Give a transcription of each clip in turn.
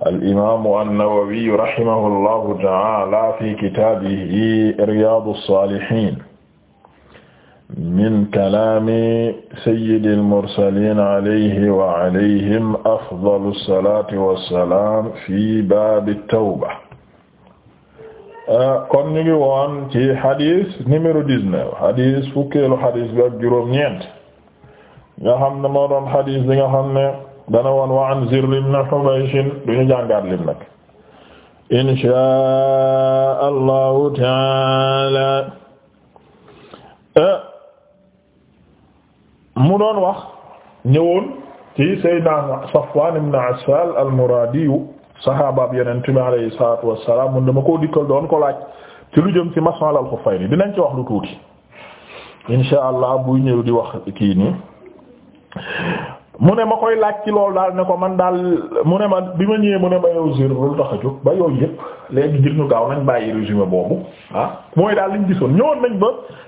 al'imaamu an-Nawawi rahimahullahu ta'ala fi kitaabihi Riyaadu s-Saalihiin min kalaami sayyidil mursaliin alayhi wa alayhim afdalu s-salaati wa s-salaam fi baabi t-tawba. kon ñu ngi woon ci hadis numéro 19 hadis fukkeelu hadis bi ak juróom-ñeent nga xam ne moo doon hadis bi nga xam ne. dana wa an Zirr ibn Hubaysh duñu jàngaat lim nag inshaa allahu taala eh, mu doon wax ñëwoon ci Seydina Safwan ibn Asal al-Muradiyu sahabaab Yonent bi alayhi salaatu wassalaam mun dama koo dikkal doon ko lu jëm ci masal al-xuffayni dinañ ci wax lu tuuti inshaa allah buy ñëw di wax kii mu ne ma koy laaj ci loolu daal ne ko man daal mu ne ma bi ma ñëwee mu ne ma yow zéro loolu tax a jóg ba yooyu yëpp léegi ngir ñu gaaw nañ bàyyi résumé boobu ah mooy daal liñ gisoon ñëwoon nañ ba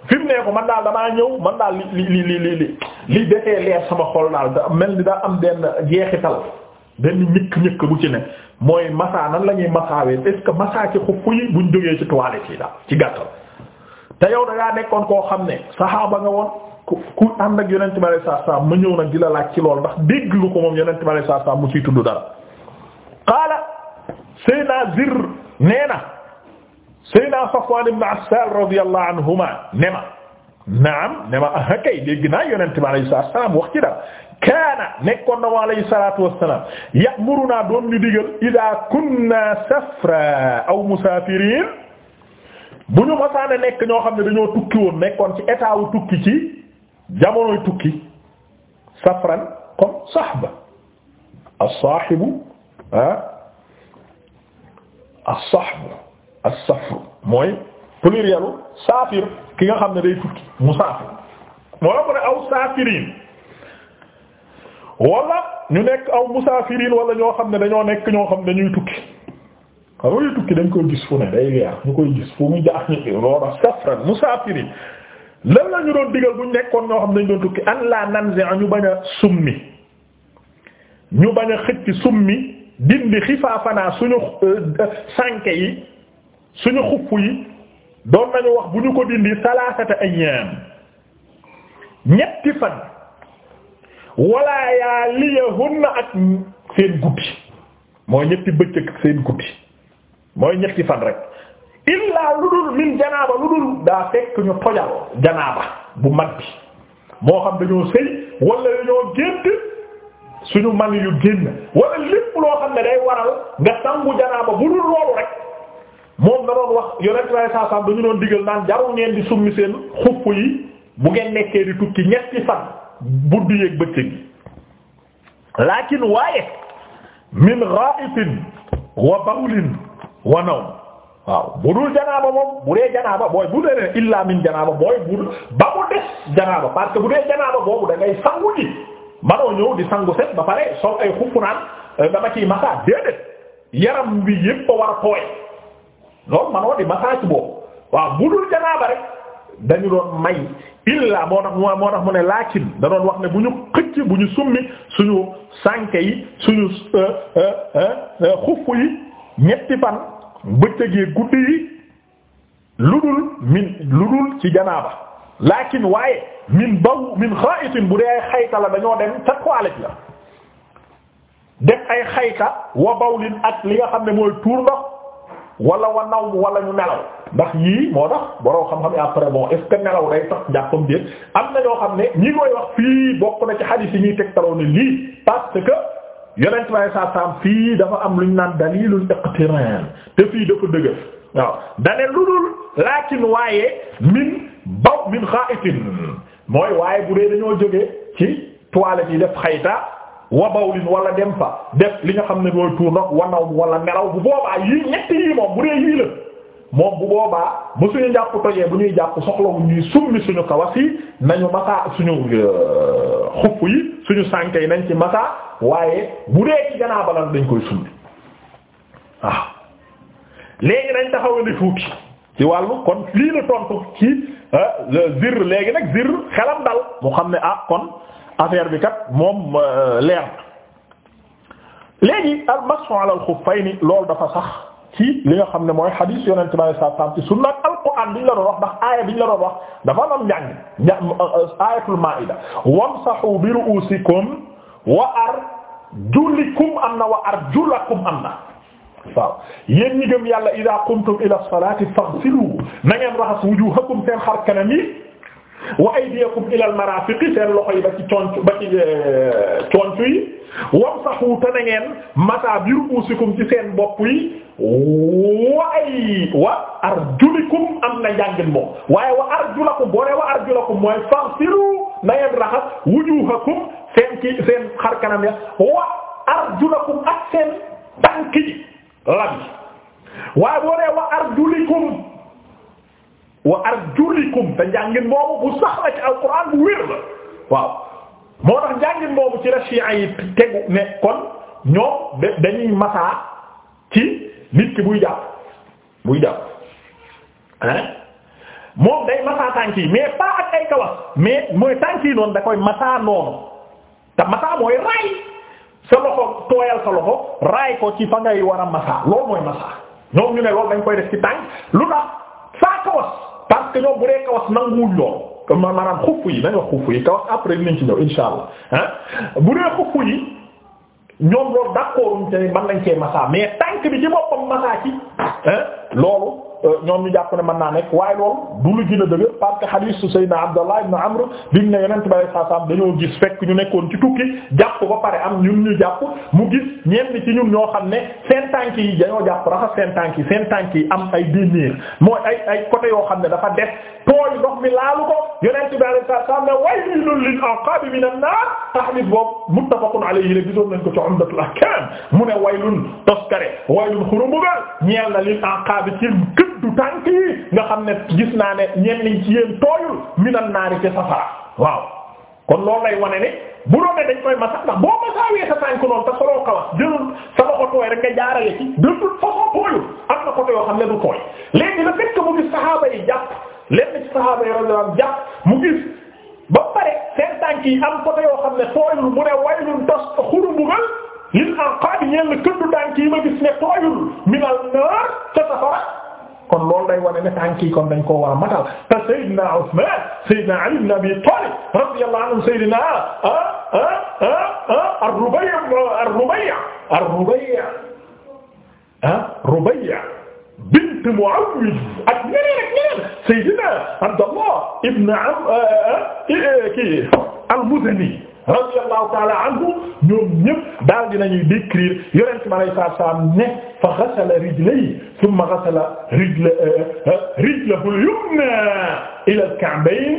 fi mu nee ko man daal damaa ñëw man daal li li li li li li defee leer sama xol daal da mel ni daa am benn jeexital benn ñëkk-ñëkk bu ci ne mooy masaa nan la ñuy masaawee est-ce que masaa ci xuf yi buñ jógee ci toilette yi daal ci gàttal. te yow da ngaa nekkoon koo xam ne saxaaba nga woon ku ku ànd ak yonent bi ma ñëw nag di la laaj ci loolu ndax dégg lu ko moom yonent bi alayhi salaam mu ciy tudd dara qaala sayna Zir nee na sayna Safwan ibn Assal radiyallahu anhuma ne ma naam ne ma ah kay dégg naa yonent bi alayhi salaam wax ci dara kaana nekkoon na wa alayhi salaatu wassalaam ya'muruna doon ñu digal idaa kunna safra aw musaafiriin bu ñu masaane nekk ñoo xam ne dañoo tukki woon nekkoon ci état wu tukki ci jamonoy tukki safran comme sahba as-saahibu ah as-sahbu mooy plurielu saafir ki nga xam ne day tukki musaafir moo la ko ne aw saafirin wala ñu nekk aw musaafirin wala ñoo xam ne dañoo nekk ñoo xam ne dañuy tukki xam nga tukki dañ koy gis fu ne day leer ñu koy gis fu mu jaax ñu loolu safran musaafiri lan la ñu doon digal bu ñu nekkoon ñoo xam dañ doon tukki an la nanzi'a ñu bañ summi ñu bañ xëcc summi dindi xifaafanaa suñu euh, sànke yi suñu xuff yi doon nañu wax bu ñu ko dindi salaasata ayyaam ñetti fan wala yaa liyahunna ak seen guddi mooy ñetti bëccëg seen guddi mooy ñetti fan rek illaa lu dul min janaaba lu dul daa fekk ñu tojal janaaba bu mag moo xam dañoo sëy wala dañoo gént suñu man yu génn wala lépp loo xam ne day waral nga sangu janaaba bu dul loolu rek moom da wax yonent lay saasam dañu doon digal naan jaru ngeen di summi seen xupp yi bu ngeen nekkee di tukki ñetti fan buddi yéeg bëccëg yi lakin waaye min ra'itin wa bawlin wa nawm waaw bu dul janaaba moom bu dee janaaba booy bu dee ne illa min janaaba booy bu ba mu des janaaba parce que bu dee janaaba boobu da ngay sangu ji manoo ñëw di sangu set ba pare sol ay xuppu naan euh, dama ciy masaa déedéet yaram bi yépp a war a tooy loolu manoo di masaa ci boobu waaw bu dul janaaba rek dañu doon may illa moo tax moo ne laakin da doon wax ne bu ñu xëcc bu ñu summi suñu sànke yi suñu euh, euh, xuff yi ñetti fan bëccëg yi guddi yi lu dul min lu dul ci janaaba lakin waaye min baw min xaayitin bu dee ay xayta la dañoo dem ca toilette la def ay xayta wa bawlin ak li nga xam ne mooy tuur ndox wala wa naw wala ñu nelaw ndax yii moo tax boroo xam-xam yi après bon est nelaw day tax jàppam déet am na ñoo xam ne ñi koy wax fii bokk na ci hadith yi ñuy tegtaloo ne lii parce que yonent bi alayhi salaam fii dafa am lu ñu naan dalilul iqtiraan te fii dafa dëgër waaw dane lu dul laakin waaye min baw min xaa'itin mooy waaye bu dee dañoo jógee ci toilette yi def xayta wa bawlin wala dem fa def li nga xam ne mooy tuur ndox wanaw wala nelaw bu boobaa yii ñetti yii moom bu dee yii la moom bu boobaa bu suñu njàpp tojee bu ñuy jàpp soxlawu ñuy summi suñu kawas yi nañu masaa suñu euh, xuff yi suñu sànke yi nañ ci masaa waaye bu dee ci janaaba lan dañ koy summi waaw léegi dañ taxaw ni kon lii la tontu ci euh, zir léegi nag zir xelam dal mu xam ne ah kon affaire bi kat moom euh, leer léegi al mashu ala al xuffayni loolu dafa sax ci li nga xam ne mooy xadiis yonente bi alei sat selaam ci sunna alquraan bi ñu la doon wax ndax aaya bi ñu la doon wax dafa am njàng euh, aayatul maida bi ru'usikum wa arjulikum am na wa arjulakum am na waaw yéen ñi gëm yàlla idaa qumtum ila salati faghsilu na ngeen raxas wujuhakum seen xar kanam yi wa aydiyakum ilal marafiqi seen loxo yi ba ci conc ba ci eh, conc yi wamsahu te na ngeen masa bi ru'usikum ci seen bopp yi waay wa arjulikum am na njàngin moom waaye wa arjulakum boo nee wa arjulakum mooy farsilu na ngeen raxas wujuhakum seen ki seen xar kanam ya wa arjulakum ak seen tànk yi waaye boo wa arjulikum wa arjulikum te njàngin boobu bu sax la ci alquran bu wér la waaw moo tax njàngin boobu ci rashia yi tegu ne kon ñoom dañuy masaa ci nit ki buy jàpp buy jàpp hein moom day masaa tànk mais pas ak ay kawas mais mooy tànk yi noonu da koy masaa noonu te masaa mooy raay sa loxo tooyal sa loxo raay ko ci fa ngay war a masaa loolu mooy masaa ñoom ñu ne loolu dañ koy def ci tànk lu tax saa kawas parce que ñoom bu dee kawas nanguwuñ lool comme maanaam xuff yi nañ wax xuff yi kawas après dinañ ci ñëw insha allah ah bu dee xuff yi ñoom loolu d'accord uñ te mën ma cee masaa mais tànk bi ci boppam masaa ci loolu ñoom ñu jàpp ne mën naa nekk waaye loolu du lu gën a dëgër parce que hadiisu Seydina Abdallah ibn Amr biñ ne yonent bi saa saam dañoo gis fekk ñu nekkoon ci tukki jàpp ba pare am ñun ñu jàpp mu gis ñenn ci ñun ñoo xam ne seen tànk yi dañoo jàpp raxas seen tànk yi seen tànk yi am ay dénier mooy ay ay côté yoo xam ne dafa def tooy ndox mi laalu ko yonent bi saa saam ne waylun lil aqaabi minan naar hadiis boobu muttafaqun alayhi la gisoon nañ ko ci Umdatul Ahkaam mu ne waylun toskare waylun xurubuga ñeel na lil tutànk yi nga xam ne gis naa ne ñenn ñi ci yéen tooyul minan naari ci safara waaw kon loolu lay wane ne bu doon ne dañ koy masax ndax boo masaawee sa tànk noonu te soloo kawas jëlul sama otooy rek nga jaarale ci de toute tooyul am na côté xam ne du tooy léegi la fekk mu gis saxaaba yi jàpp lenn ci saxaaba yi radiyallahu jàpp mu gis ba pare seen tànk yi am côté yoo xam ne tooyul mu ne waylun tas xurumbugal lil anqaab ñeen këddu tànk yi ma gis ne tooyul minal naar ca safara kon loolu day wane ne tànk yi kon dañ koo war a matal te Seydina Usman Seydina Ali ibn Abi Talib radiyallahu anhu Seydina ah ah ah ar-Rubay' ar-Rubay' ar-Rubay' ah, ah Rubay' ah, bint Muawwid ak ñeneen ak ñeneen Seydina Abdallah ibn am ah, kii al-Muzani radiyallahu ta'ala anhu ñoom ñëpp daal dinañuy décrire yonent bi alayhi salaatu salaam ne fa ghasala rijlayhi thumma ghasala rijlahu al-yumna ila al-ka'bayn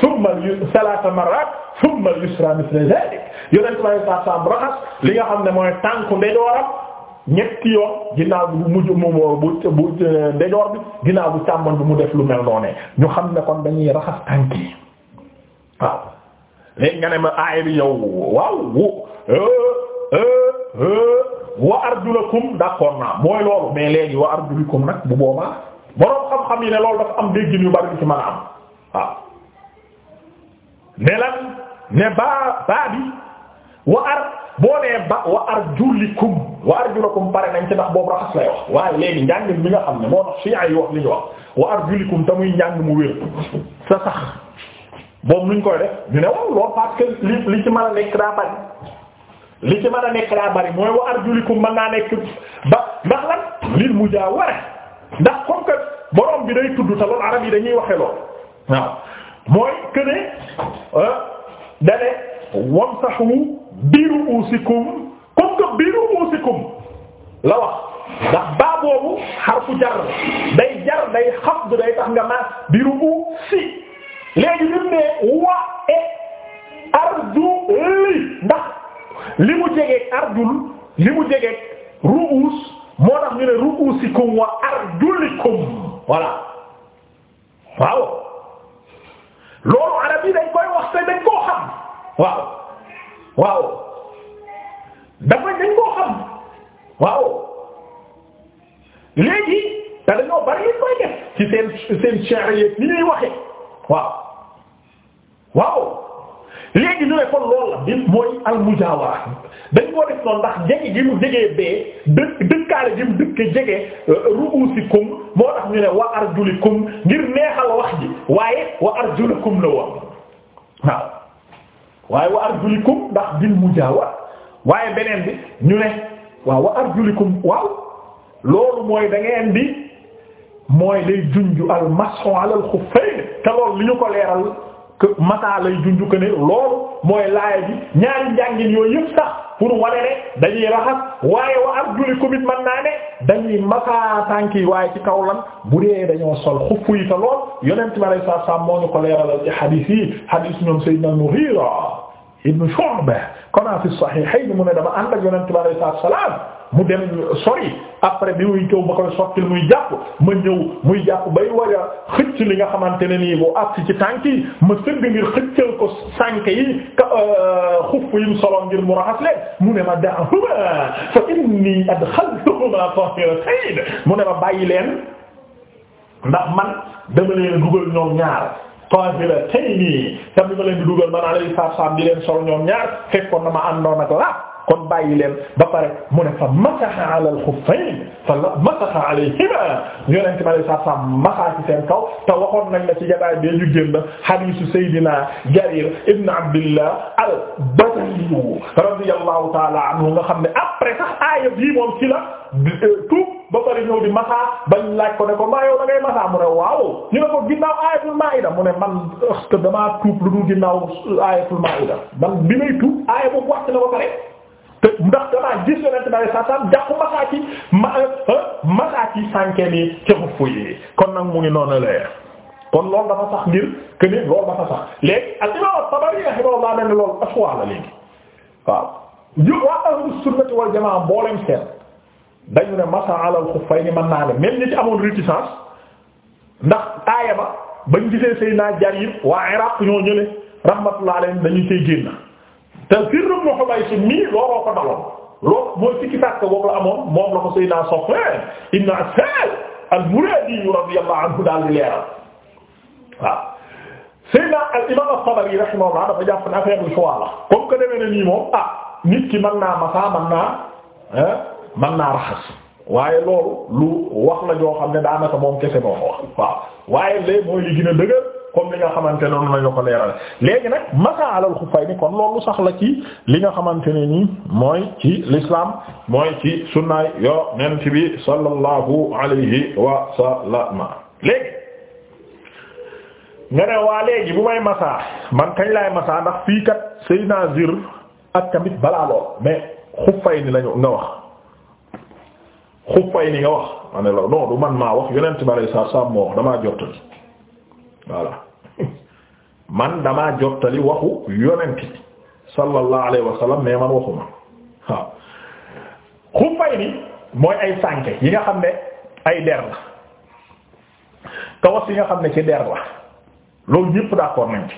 thumma thalatha marrat thumma al-yusra mithla dhalik yonent bi alayhi salaatu salaam raxas li nga xam ne mooy tànku ndeyjooram ñetti yoon ginnaaw bi bu mujj mu bu bu ndejoor bi ginnaaw bu càmmoñ bi mu def lu mel noonu ñu xam ne kon dañuy raxas tànk yi waaw léegi nga ne ma aaya bi yow waaw euh, euh, euh, wa arjulakum d'accord naa mooy loolu mais léegi wa arjulakum nag bu boobaa boroom xam-xam yi ne loolu dafa am déggin yu bari ci mën a am waaw ne lan ne baa baa bi wa ar boo nee ba wa arjulikum wa arjulakum pare nañ ci ndax boobu raxas lay wax waaye léegi njàng mi nga xam ne moo tax si ay wax li ñu wax wa arjulikum te muy njàng mu wér sa sax moom nuñ koy def li li ci mën a nekk daa bari li ci mën a nekk daa bari mooy wa arjulikum mën naa nekk ba ndax lan lil mujaawara ndax comme que borom bi day tudd te loolu arab yi dañuy waxe lool waaw mooy que ne euh, dane bi ru'usikum comme que bi ru'usikum la wax ndax baa boobu xarfu jar day jar day xafd day tax nga maas bi ru'usi léegi li mu ne wa e arju li ndax li mu jegeeg arjul li mu jegeeg ru'us moo tax ñu ne ru'usikum wa arjulikum voilà waaw loolu arab yi dañ wax te dañ koo xam waaw waaw dafa dañ koo xam léegi te dañoo bari li koy ci seen seen ni ñuy waxe waaw léegi ñu ne kon loolu la mooy almujaawara dañ koo def noonu ndax jege gi mu jegee bee dëkkaale gi mu dëkke jege euh, ru'usikum moo tax ñu ne wa arjulikum ngir neexal wax ji waaye wa arjulikum la woon waaye wa arjulikum ndax bil mujaawara waaye beneen bi ñu ne waaw wa arjulikum waaw loolu mooy da ngeen di mooy lay junju al mas'u ala al khuffayn ñu ko leeral que mataa lay junj loolu mooy laaya bi ñaari njàngin yooyu yëpp sax pour wane ne dañuy raxas waaye wa arjulikum it mën naa dañuy mataa tànk waaye ci kaw lan bu dee dañoo sol xuff yi te lool yonent bi ko leeralal ci hadith yi hadith ñoom Sayyidina Mughira ibn Shu'ba kon fi sahihayn mu ne dama ànd ak yonent bi alayhi mu dem sori après bi muy coow ma koy sottil muy jàpp ma ñëw muy jàpp bay war a xëcc li nga xamante ne nii bu àgg ci tànk yi ma sëgg ngir xëccal ko sànk yi ka euh, xuff yi mu solo ngir mu raxas leen mu ne ma da'huma fa inni adxaltuhuma tahiratayn mu ne ma bàyyi leen ndax man dama leen dugal ñoom ñaar. tahira tey nii tam bi ma leen di dugal man alayhi salaam di leen sol ñoom ñaar fekkoon na ma àndoon ak la kon bàyyi leen ba pare mu ne fa masaha ala al-khuffayn fa masaha alayhima yonent bi alayhi salaam masaa ci seen kaw te waxoon nañ la ci jotaay bi ñu génn hadiisu Seydina Jarir ibn Abdillah al-Badri radiyallahu ta'ala anhu nga xam ne après sax aaya bii moom ci la euh, tuub ba pare ñëw di masaa bañ laaj ko ne ko maa yow da ngay masaa mu ne waaw ñu ne ko ginnaaw aayatul maa'ida mu ne man est-ce que damaa tuub lu dul ginnaaw aayatul maa'ida man bi may tuub aaya boobu wàcc na ba pare. ndax damaa gis yonent bi saa saa jàpp masaaki ma euh, euh, masaaki sànke ni ca xufu yi kon nag mu ngi noonu la kon loolu dafa sax ngir que ne loolu dafa sax léegi al imam at-Tabari rahimahullah ne loolu aswa la léegi waaw yu waa ahlu sunnati jamaa mboolem seen dañu ne masa ala al-xuffayni mën naa ne même ñi amoon réticence ndax aaya ba bañ gisee Seydina Jarir waa Iraq ñoo ñële rahmatullah alayhim dañu cey génn te Sirru ibn Hubays mii looloo ko daloon loolu mooy sikki sàkk boobu la amoon moom la ko Seydina Safwan a Asal al-Muradi radiyallahu daal di leeral waaw Seydina al-Imam as-Sabri rahimahullah dafa jàpp na nii moom ah nit ki mën naa masaa mën naa waaye loolu lu wax la joo ne daanaka moom kese moo wax waaye léegi mooy li a dëgër comme li nga xamante ne noonu la ñu ko leerale léegi nag masa alal xufayni kon loolu sax la ci li nga xamante ne nii mooy ci l'islam mooy ci sunnaay yonent bi sallallahu alayhi wa sallam léegi nga ne waa léegi bu may masa man kañ laay masa ndax fii kat Seydina Zir ak tamit balaa lool mais xufayni lañu nga wax xufayni nga wax ma ne la non man maa wax yonent bi sallallahu alayhi wa sallam moo wax damaa jottali voilà man damaa jottali waxu yonent bi sallallahu alayhi wa sallam mais man waxuma waaw xuffay ni mooy ay sànke yi nga xam ne ay der la kawas yi nga xam ne ci der la loolu ñépp d'accord nañ ci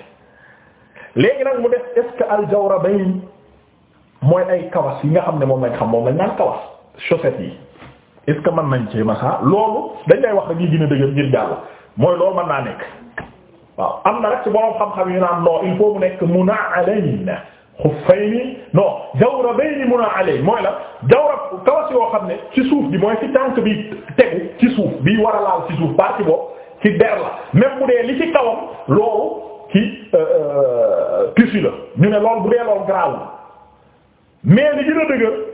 léegi nag mu def est-ce mooy ay kawas yi nga xam ne moom nañ xam moom lañ naan kawas chaussettes yi est-ce mën nañ ci masaa loolu dañ lay wax rek yi gën a dëgër ngir jàll mooy loolu mën naa nekk waaw am na rek ci borom xam-xam yu naan non il faut mu nekk muna alayn xuffayni non jawrabayni muna alayn mooy la jawrab kawas yoo xam ne ci suuf bi mooy ci tànk bi tegu ci suuf bi war a laal ci suuf partie boobu ci der la même bu dee li ci kawam loolu ci euh, euh, tissu la ne loolu bu dee loolu garaawul mais li gën a dëgër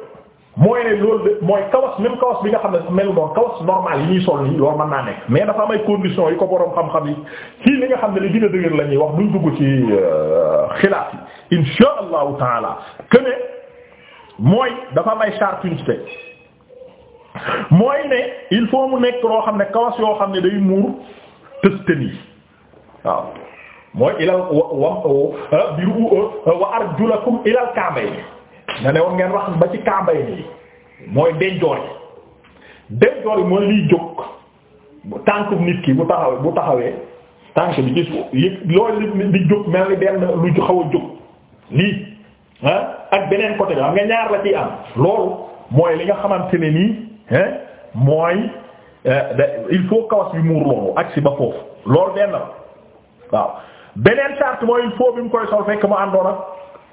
mooy ne loolu de mooy kawas même kawas bi nga xam ne melu doon kawas normal yi ñuy sol nii loolu mën naa nekk mais dafa am ay conditions yi ko boroom xam-xam yi kii li nga xam ne li gën dëgër la wax duñ dugg ci euh, xilaaf yi insha allahu taala que mooy dafa am ay chartes mooy ne il faut mu nekk loo xam ne kawas yoo xam ne day muur tësten waaw mooy ilal wa wa biru wa arjulakum ilal ka'bayn nga ne woon ngeen wax ba ci kaaba yi mooy denjoor yi denjoor yi mooy liy jóg tànk nit ki bu taxawee bu taxawee tànk bi ci suuf yëpp loolu di jóg mel ni benn lu xaw a jóg lii ah, ak beneen côté bi xam nga ñaar la ciy am loolu mooy li nga xamante ne nii mooy eh, il faut kawas bi muur loolu ak si ba foofu loolu benn la waaw beneen charte mooy il faut bi mu koy sol fekk mu àndoon ak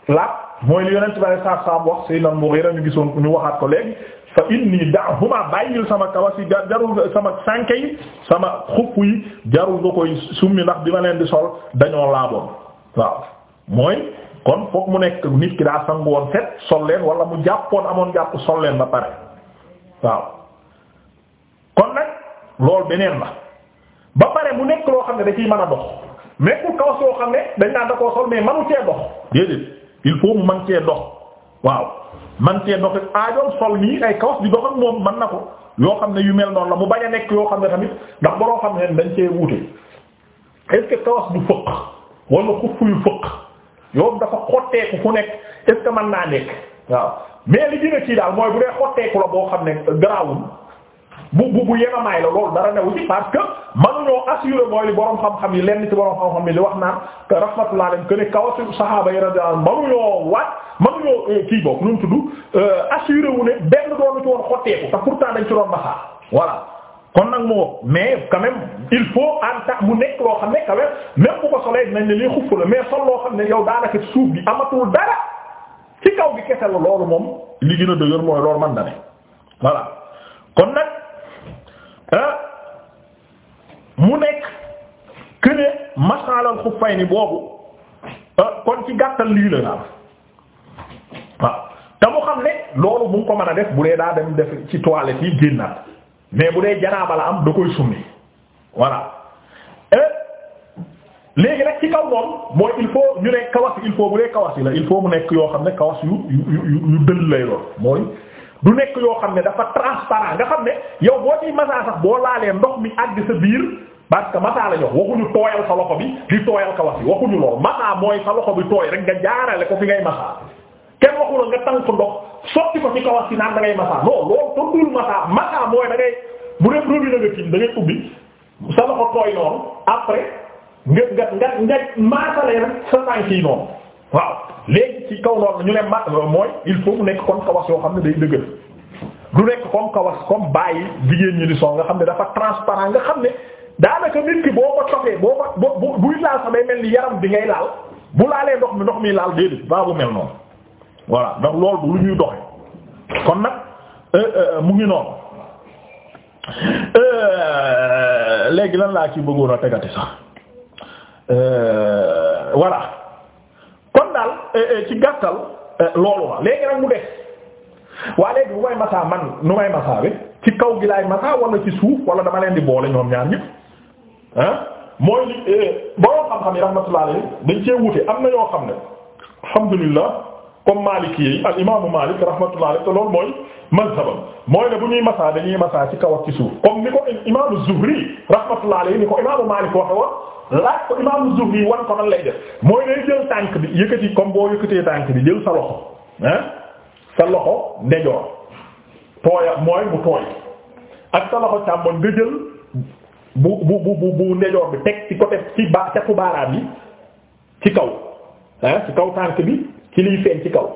laab mooy li yonent ba saa saa wax Seydina Mughira ñu gisoon ñu waxaat ko léegi fa inni da'huma bàyyil sama kawas yi jarul sama sànke yi sama xupp yi jarul nga koy summi ndax bi ma leen di sol dañoo laaboon waaw mooy kon foog mu nekk nit ki daa sangu woon fet sol leen wala mu jàppoon amoon jàpp sol leen ba pare waaw kon nag loolu beneen la ba pare mu nekk loo xam ne da ciy mën a dox nekkul kawas yoo xam ne dañ naan da koo sol mais manu il faut mu man cee dox waaw man cee dox aajoom sol nii ay kawas di dox ak moom mën na ko yoo xam ne yu mel noonu la mu bañ a nekk yoo xam ne tamit ndax baroo xam ne dañ cee wuute est-ce que kawas du fëq wala xuff yu fëq yow dafa xotteeku fu nekk est-ce que mën naa nekk waaw mais li dina ci daal mooy bu dee xotteeku la boo xam ne garaawul bu bu bu yemamaay la loolu dara newu ci parce que ñoo assuré mooy li borom yi lenn ci borom xam-xam yi li wax naan te rahmatullah alayhi que ne kaw si saxaaba yi radiyallahu euh, nu mu tudd euh, assuré wu ne benn doonu ci woon xotteeku te pourtant dañ ci doon baxaar voilà. kon nag moo mais quand il faut en tant mu nekk loo xam ne quand même même bu ko solee dinañ ne lii xuff la mais sol loo xam ne yow daanaka suuf bi amatul dara ci kaw gi kese la loolu moom li gën a dëgër mooy loolu man da ne voilà kon nag mu nekk que ne masalal xuffayni boobu euh, kon ci gàttal lii la daal te mu xam ne loolu bu mu ko mën a def bu dee daa dem def ci toilette yi génnaat mais bu dee janaaba la am da koy summi voilà. Euh, léegi nag ci kaw moom mooy il faut ñu ne kawas il faut bu dee kawas yi la il faut mu nekk yoo xam ne kawas yu yu yu dëll lay doon mooy du nekk yoo xam ne dafa transparent nga xam ne yow boo ciy masaa sax boo laalee ndox mi àgg sa biir. parce que masaa la ñu wax waxuñu tooyal sa loxo bi di tooyal kawas yi waxuñu lool masaa mooy sa loxo bi tooy rek nga jaarale ko fi ngay masaa kenn waxu la nga tànk ndox sotti ko ci kawas yi naan da ngay loolu tëddul masaa mooy da bu dee robinet nga tiim da ngay ubbi sa loxo tooy noonu après nga nga nga nga maasale sa tànk yi noonu waaw léegi ci kaw noonu ñu ne ma mooy il faut mu nekk comme kawas yoo xam ne day dëgër. du nekk comme kawas comme xam ne dafa transparent nga xam daanaka nit ki boo ko tofee boo ko buy laal sax day mel ni yaram bi ngay laal bu laalee ndox mi ndox mi laal déedéet baa bu mel noonu voilà ndax lool bu lu ñuy doxee kon nag euh, euh, mu ngi noonu euh, léegi lan laa ci bëggoon a tegati sax voilà kon daal ci gàttal loolu la léegi nag mu def waa léegi bu may masaa man nu may masaa bi ci kaw gi laay masaa wala ci suuf wala dama leen di boole ñoom ñaar ñëpp ah mooy li eh, borom xam-xam yi rahmatullah alayhi dañ cee wute am na yoo xam ne alhamdulillah comme Maliki yi al imaamu Malik rahmatullah alayhi te loolu mooy mazhabam mooy ne bu ñuy masaa dañuy masaa ci kaw ak ci suuf comme ni ko imaamu Zuhri rahmatullah alayhi ni ko imaamu Malik waxe woon laaj ko imaamu Zuhri wan ko nan lay def mooy day jël tànk bi yëkkati comme boo yëkkatee tànk bi jël sa loxo ah sa loxo ndejoor tooya mooy mu tooy ak sa loxo càmmoñ bu bu bu bu ndejoor bi teg ci côté ci ba catu baaraam yi ci kaw ah ci kaw tànk bi ci liy feeñ ci kaw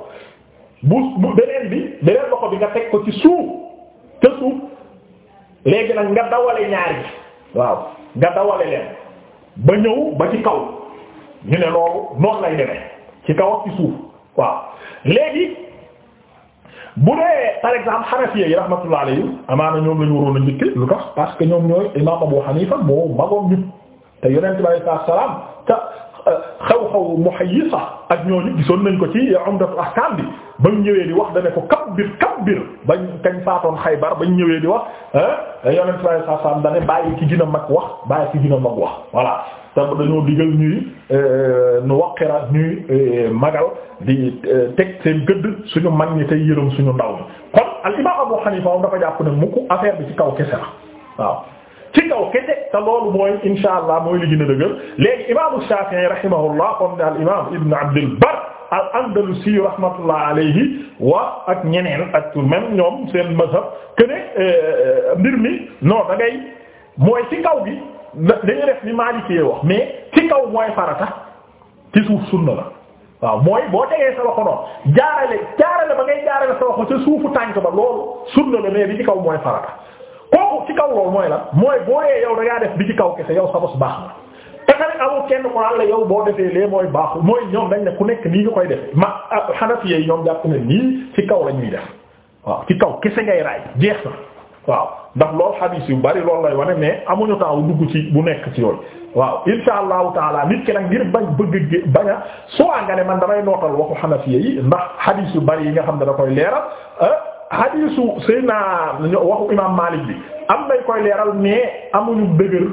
bu bu beneen bi beneen loxo bi nga teg ko ci suuf ca suuf léegi nag nga dawale ñaar yi waaw nga dawale leen ba ñëw ba ci kaw ñu ne loolu noonu lay demee ci kaw ak ci suuf waaw léegi. bu dee par exemple xanafiya yi rahmatullah alayhi amaana ñoom la ñu waroon a njëkk lu tax parce que ñoom ñooy imaam Abu Hanifa moo ma magoon ñëpp te yonent bi alayhi salaam te euh, xew-xew muhayyisa ak ñooñu gisoon nañ ko ci umdatul ahkam bi ba ñëwee di wax da ne ko kabbir kabbir bañ kañ faatoon xaybar bañ ñëwee di wax ah yonent bi alayhi salaam da ne bàyyi ci gën a wax ba ci gën a wax voilà. te dañoo digal ñuy euh, euh, nu waqira ñuy euh, magal di teg seen gëdd suñu mag ñi tey yërëm suñu ndaw ñi kon al Abu Hanifa moom dafa jàpp ne mukk affaire bi ci kaw kese la waaw ci kaw kese te loolu mooy insha allah mooy li gën a dëgër léegi imaamu Shafi'i rahimahullah comme ne al imam Ibn Abdul Barr al andalusi rahmatullah alayhi wa ak ñeneen ak même ñoom seen mazhab que mbir mi non da ngay mooy ci kaw gi dañu def ni Maliki wax mais ci kaw mooy farata ci suuf sunna la waaw mooy boo tegee sa loxo noonu jaarale jaarale ba ngay jaarale sa loxo ci suufu tànk ba loolu sunna la mais bi ci kaw mooy farata kooku ci kaw loolu mooy la mooy boo yee yow da ngaa def bi ci kaw kese yow sa bos baax na te a amul kenn ko àll yow boo defee lee mooy baaxu mooy ñoom dañ ne ku nekk nii nga koy def ma ah Hanafi yi ñoom jàpp ne nii ci kaw lañuy def waaw ci kaw kese ngay raay jeex na ndax loolu xadiis yu bari loolu lay wane mais amuñu temps wu dugg ci bu nekk ci yooyu waaw insha allahu taala nit ki nag ngir bañ bëgg bañ a soo nga ne man damay nootal waxu xanafiya yi ndax xadiis yu bari yi nga xam ne da koy leeral ah, xadiisu sëy naa waxu imam Maalik bi am nañ koy leeral mais amuñu dëgër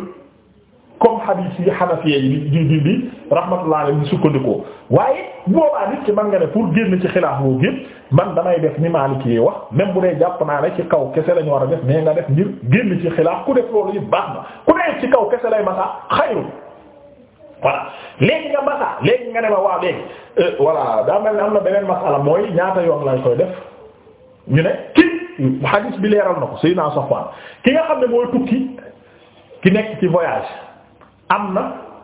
comme hadith yi hanafiya yi di di di rahmatullah alayhi sukkandikoo waaye boobaa nit ci man nga ne pour génn ci xilaaf boo gépp man damay def ni Maliki yi wax même bu dee jàpp naa ne ci kaw kese lañu war a def mais nga def ngir génn ci xilaaf ku def loolu yëpp baax na ku dee ci kaw kese lay masa xayru voilà léegi nga masa léegi nga ne ma waaw léegi euh, voilà daa ne am na beneen masala mooy ñaata yoon lañ koy def ñu ne kii hadith bi leeral na ko Sayyidina Safwan ki nga xam am na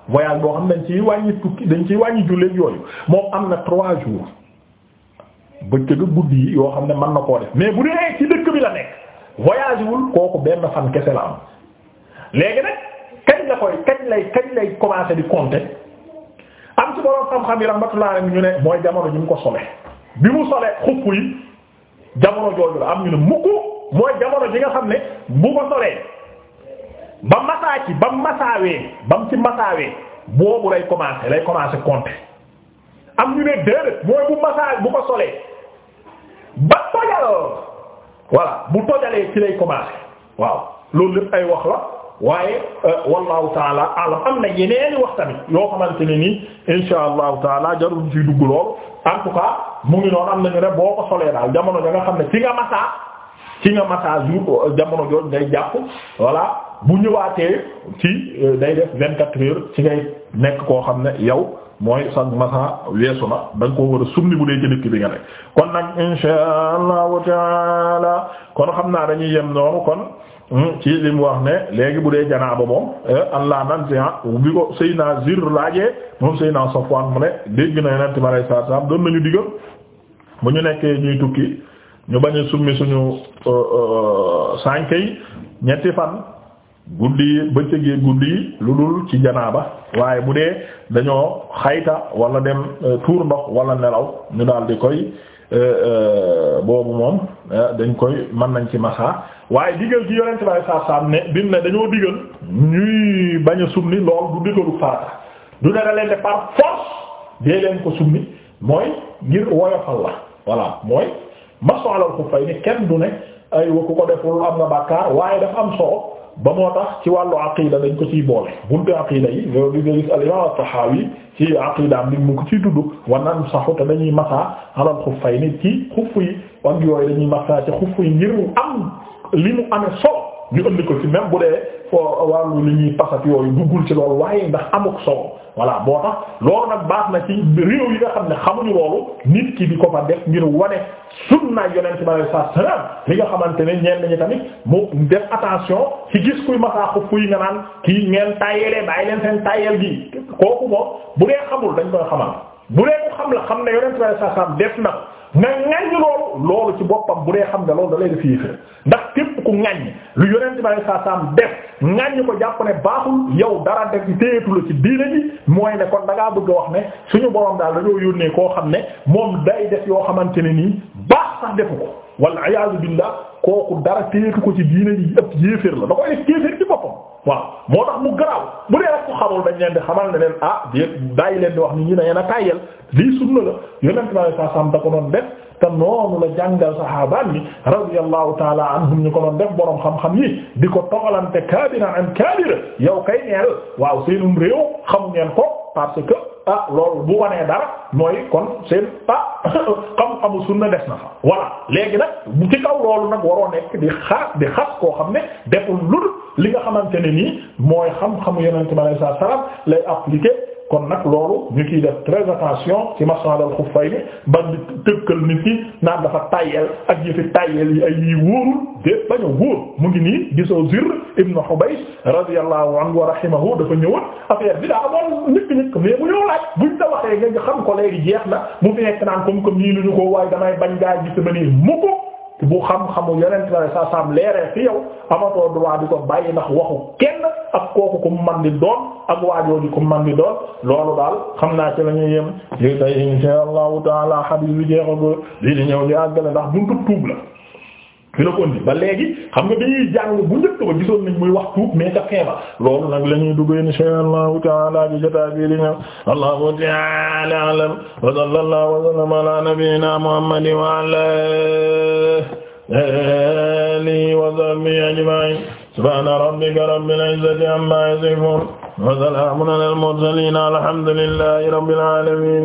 voyage boo xam dañ ci wàññi tukki dañ ciy wàññi jullit yooyu moom am na trois jours bëccëg guddi yi yoo xam ne mën na koo def mais bu dee ci dëkk bi la nekk voyage wul kooku benn fan kese la am léegi nag kañ la koy kañ lay kañ lay commencer di compter am ci borom xam-xam yi laa alayhi ñu ne mooy jamono ñu mu ko sole bi mu sole xupp yi jamono jooju la am ñu ne mukk mooy jamono ji nga xam ne bu ko solee ba masaa ci ba masaawee ba mu ci masaawee boobu lay commencer lay commencer compter am ñu ne déedéet mooy bu masaa bu ko solee ba tojal voilà bu tojalee ci lay commencer waaw loolu lépp ay wax la waaye euh, wallahu taala alam am na yeneeni wax tamit yoo xamante ne nii insha allahu taala jarul ñu ciy dugg loolu en tout cas mu ngi noonu am nañu ne boo ko solee daal jamono ja nga xam ne ci nga masaa ci nga masaa jour euh, jamono jooju ngay jàpp voilà bu ñëwaatee ci euh, day def vingt quatre heures ci ngay nekk koo xam ne yow mooy sag masa weesu na da nga koo war a sumni bu dee ci dëkk bi nga ne kon nag insha allahu taala kon xam naa dañuy yem noonu kon hmm, ci lim mu wax ne léegi bu dee janaaba moom euh, allah nan sian bi ko sëy naa zir laajee moom sëy naa Safwan mu ne dégg na yonent bi alayhi salaatu doon nañu digal bu ñu nekkee ñuy tukki ñu bañ a summi suñu euh, sànke yi ñetti fan guddi yi bëccëg yi guddi yi lu dul ci janaaba waaye bu dee dañoo xayta wala dem euh, tuur ndox wala nelaw ñu daal di koy euh, euh, boobu moom dañ koy mën nañ ci masa waaye digal ci yonent bi saa saam ne dañoo digal ñuy bañ a summi lool du digalu faata du ne leen par force dee leen ko summi mooy ngir woyofal la voilà mooy masu alal ku fay ni kenn du ne ay ku ko deful am nga bàkkaar waaye dafa am solo. ba moo tax ci wàllu aqida dañ ko ciy boole buntu aqida yi loolu di gis al-imam at-Tahawi ci aqidaam bi mu ko ciy dudd wa nan saxu te dañuy masaa alal xuffay ni ci xuff yi ak yooyu dañuy masaa ci xuff yi ngir am li mu amee solo ñu indi ko ci même bu dee foo wàllu li ñuy pasat yooyu duggul ci loolu waaye ndax amuk soow voilà boo tax loolu nag baax na ci réew yi nga xam ne xamuñu loolu nit ki di ko fa def ngir wane sunna yonent bi alayhi salaam li nga xamante ne ñeen ñi tamit mu def attention ci gis kuy masaaxu fuy nga naan kii ngeen tàyyeelee bàyyi leen seen tàyyeel gi kooku moom bu dee xamul dañ koy xamal bu dee ko xam la xam ne yonent sallallahu alayhi def na nga ŋaññ loolu loolu ci boppam bu dee xam nga loolu da lay def yéefér ndax képp ku ŋaññ lu yonent sallallahu alayhi wasallam def ŋaññ ko jàpp ne baaxul yow dara def téyetu la ci diine ji mooy ne kon da bëgg a wax ne suñu borom daal dañoo yónnee koo xam ne moom day def yoo xamante ne nii baax sax defu ko walla iyaadu billah kooku dara téyetu ko ci diine ji ëpp yéefér la da koy def yéefér ci boppam waaw dañ leen di xamal ne leen ah déet bàyyi leen di wax ni ñu ne yéen a tàyyel lii sunna la yonent bi alayhi salaam da ko doon def te noonu la jàngal saxaabaan yi radiyallahu taala anhum ñu ko doon def borom xam-xam yi di ko toxalante kaabira an kaabira yow kay neel waaw seenum réew xamu ngeen ko parce que ah loolu bu wanee dara mooy kon seen ah xam-xamu sunna des na fa voilà léegi nag bu ci kaw nag waroo nekk di xaar xas koo xam ne deful lu li nga xamante ne nii mooy xam-xamu yonent bi alayhi salaam lay appliquer kon nag loolu ñu ciy def très attention ci masal al xuffay ni ban di tëkkal nit ki naan dafa tayel ak yëfi tayel yi ay yi wóorul de a mu ngi nii gisoo Zirr ibn Hubays radiyallahu anhu wa rahimahu dafa ñëwoon affaire bi daa amoon ñëkk ñëkk mais bu ñëw laaj buñ da waxee nga xam ko léegi jeex na mu fi nekk naan comme comme nii lu ñu ko waaye damay bañ gaa gis ma mu ko bu xam-xamu yonent la sa sam leeree fi yow amatoo droit di ko bàyyi ndax waxu kenn ak kooku ku man doon ak waajoo di ku man doon loolu daal xam naa ci la ñuy yem li tay insha allahu taala hadis bi jeexagul lii di ñëw ñu àggale ndax buntu tuub la fi la ko indi ba léegi xam nga dañuy jàng bu njëkk ba gisoon nañ muy wax tuub mais ka feebar loolu nag la ñuy dugg insha allahu taala bi jotaay bi di ñëw allahu taala alam wa sallallahu wa sallama ala nabiyyina muhammadin wa ala alihi wa sahbihi ajma'in subhana rabbika rabbil izzati amma yasifun wa salamun ala al mursalin alhamdulillahi rabbil alamin